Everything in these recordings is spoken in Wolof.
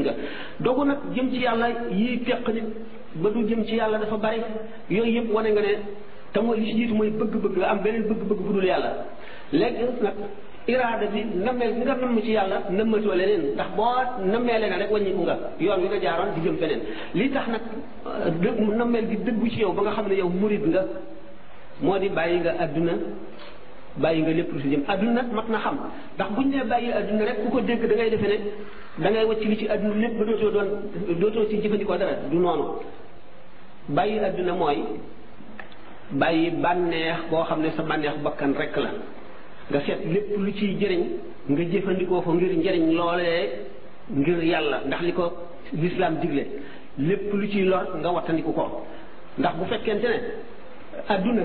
nga dogu nag jëm ci yàlla yii teq nit ba du jëm ci yàlla dafa bari yooyu yëpp wane nga ne te mooy li ci jiitu mooy bëgg-bëgg nga am beneen bëgg-bëgg bu dul yàlla léegi nag iraada bi nameel nga namm ci yàlla nammatoo leneen ndax boo nammee leneen rek wàññiku nga yoon wi nga jaaroon di jëm feneen li tax nag dëgg euh, nammeel gi dëggu ci yow ba nga xam ne yow murid nga moo di bàyyi nga àdduna bàyyi nga lépp lu si jëm adduna mat na xam ndax buñ nee bàyyi adduna rek ko dégg da ngay defe ne da ngay li ci adduna lépp ba dootoo doon dootoo ci jëfandikoo dara du noonu bàyyi mooy bàyyi bànneex boo xam ne sa bànneex bakkan rek la nga ciy jëriñ nga jëfandikoo ko ngir njëriñ loole ngir yàlla ndax li ko lislaam digle lépp lu ciy lor nga wattandiku ko ndax bu fekkente ne adduna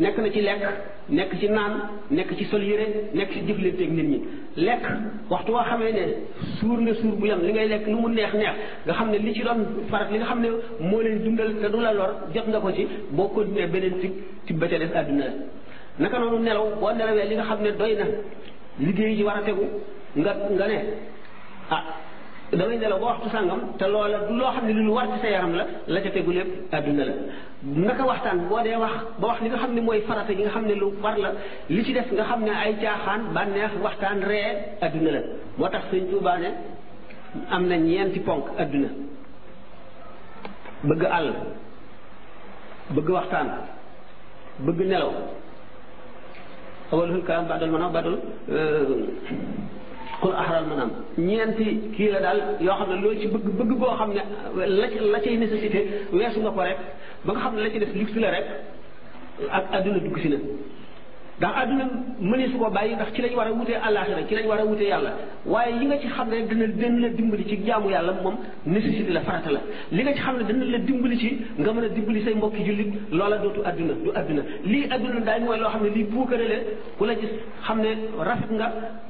nekk na ci lekk nekk ci naan nekk ci sol yére nekk ci jëflanteeg nit ñi lekk waxtu woo xamee ne suur nga suur bu yem li ngay lekk lu mu neex neex nga xam ne li ci doon farat li nga xam ne moo leen dundal te du la lor jot nga ko ci boo continué beneen tib tib ba ca des àdduna la naka noonu nelaw boo nelawee li nga xam ne doy na liggéey yi war a tegu nga nga ne ah damay nelaw ba waxtu sàngam te loola loo xam ne lu lu war ci sa yaram la la ca tegu lépp àdduna la naka waxtaan boo dee wax ba wax li nga xam ne mooy farata yi nga xam ne lu war la li ci def nga xam ne ay caaxaan bànneex waxtaan ree àdduna la moo tax sëñ Tuubaa am na ñeenti ponk àdduna bëgg àll bëgg waxtaan bëgg nelaw awalul kaa badal manaw badal euh, kon axaral maanaam ñeenti kii la daal yoo xam ne loolu ci bëgg bëgg boo xam ne la la cay nécessité weesu nga ko rek ba xam ne la ci def luxe la rek ak adduna dugg si na ndax àdduna mënee su ko bàyyi ndax ci lañ war a wutee àllaaxira ci lañ war a wutee yàlla waaye li nga ci xam ne dana dana la dimbali ci jaamu yàlla moom la farata la li nga ci xam ne dana la dimbali ci nga mën a dimbali say mbokki jullit loola dootu àdduna du àdduna lii àdduna daal mooy loo xam ne lii buukare la ku la xam ne rafet nga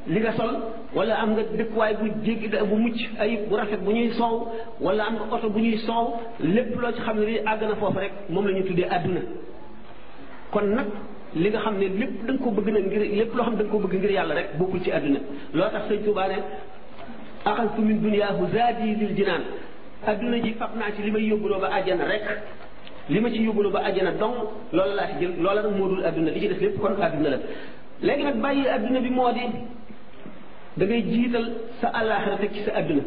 li nga sol wala am nga dëkkuwaay bu jéggi bu mucc ay bu rafet bu ñuy soow wala am nga oto bu ñuy soow lépp loo ci xam ne lii àgg na foofu rek moom la ñu tuddee àdduna kon li nga xam ne lépp da nga ko bëgg na ngir lépp loo xam ne da nga ko bëgg ngir yàlla rek bokkul ci àdduna loo tax sëñ Tuubaa ne axaltu min duniyaahu zaadi lil jinaan àdduna ji fab naa ci li may yóbbuloo ba àjjana rek li ma ci yóbbuloo ba àjjana dong loola laa ci jël loola nag moo dul àdduna li ci des lépp kon àdduna la léegi nag bàyyi àdduna bi moo di da jiital sa àllaaxira teg ci sa àdduna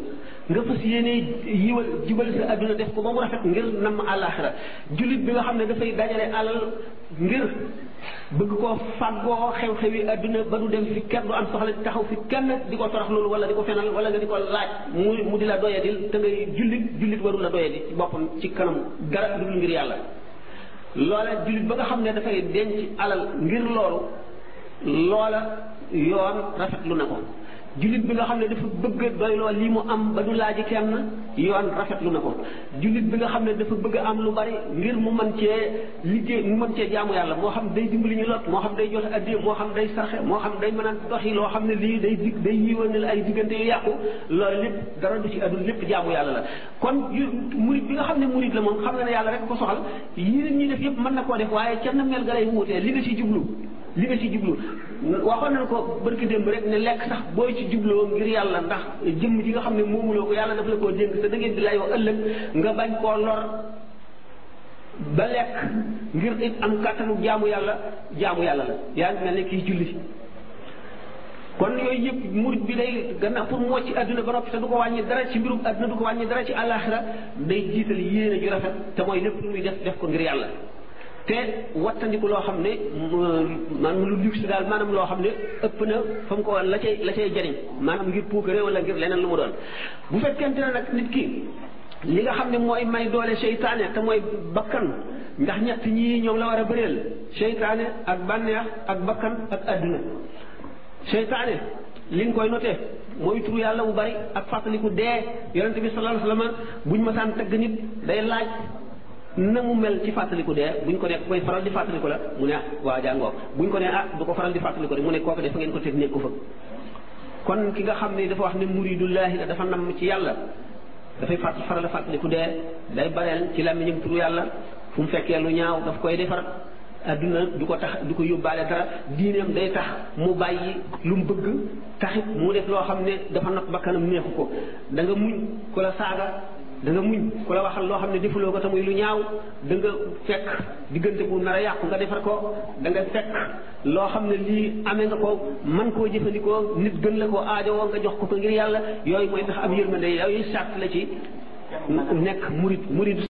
nga fas yéene yiwal jubal sa adduna def ko ba mu rafet ngir namm àllaaxira jullit bi nga xam ne dafay dajale alal ngir bëgg koo fàggoo xew-xewi adduna ba du dem fi kenn du am soxla taxaw fi kenn di ko torax loolu wala di ko fenal wala nga di ko laaj mu mu di la doyadil te ngay jullit jullit warul la doyadi ci boppam ci kanam dara dul ngir yàlla loola jullit ba nga xam ne dafay denc alal ngir loolu loola yoon rafetlu na ko jullit bi nga xam ne dafa bëgg a doyloo li mu am ba du laaji kenn yoon rafetlu na ko jullit bi nga xam ne dafa bëgg am lu bari ngir mu mën cee liggéey mu mën cee jaamu yàlla moo xam ne day dimbali ñu lot moo xam day joxe addiya moo xam day sarxe moo xam day mën a doxi loo xam ne lii day dig day yiwanal ay diggante yu yàqu loolu lépp dara du ci adul lépp jaamu yàlla la kon murit bi nga xam ne murit la moom xam ne na ne yàlla rek ko soxal yéen ñi def yëpp mën na koo def waaye kenn mel ga lay wuutee li nga ci jublu li nga ci jublu waxoon nañ ko barki démb rek ne lekk sax booy ci jubloo ngir yàlla ndax jëmm ji nga xam ne moomuloo ko yàlla dafa la koo dénk te da di lay wax ëllëg nga bañ koo lor ba lekk ngir it am kàttanu jaamu yàlla jaamu yàlla la yaa ngi mel ne kii julli kon yooyu yëpp murid bi day gannaaw pour mu wàcc àdduna ba noppi te du ko wàññi dara ci mbirum àdduna du ko wàññi dara ci àllaaxira day jiital yéene ju rafet te mooy lépp lu muy def def yàlla te wattandiku loo xam ne maanaam lu luxe daal maanaam loo xam ne ëpp na fa mu ko la cay la cay jariñ maanaam ngir puukare wala ngir leneen lu mu doon bu fekkente ne nag nit ki li nga xam ne mooy may doole seytaane te mooy bakkan ndax ñett ñi ñoom la war a bëreel seytaane ak bànneex ak bakkan ak àdduna seytaane li nga koy noté mooy turu yàlla bu bari ak fàttaliku dee yonente bi sallallahu alayhi buñ ma saan tëgg nit day laaj na mu mel ci fàttaliku dee buñ ko nekk koy faral di fàttaliku la mu ne ah waa jàngoo buñ ko ne ah du ko faral di fàttaliku rek mu ne kooku de fa ngeen ko kon ki nga xam ne dafa wax ne muridullahi la dafa nam ci yàlla dafay fàtt faral fàttaliku de day bareel ci làmmiñam turu yàlla fu mu fekkee lu ñaaw daf koy defar adduna du ko tax du ko yóbbaale dara diineem day tax mu bàyyi lu mu bëgg taxit mu def loo xam ne dafa not bakkanam neexu ko da nga muñ ko la saaga danga nga muñ ku la waxal loo xam ne defuloo ko tamuy lu ñaaw da nga fekk diggante bu nar a yàqu nga defar ko da nga fekk loo xam ne lii amee nga ko man koo jëfandikoo nit gën la koo aajowoo nga jox ko ko ngir yàlla yooyu koy tax ab ma yërmande yooyu sàrt la ci nekk murid murid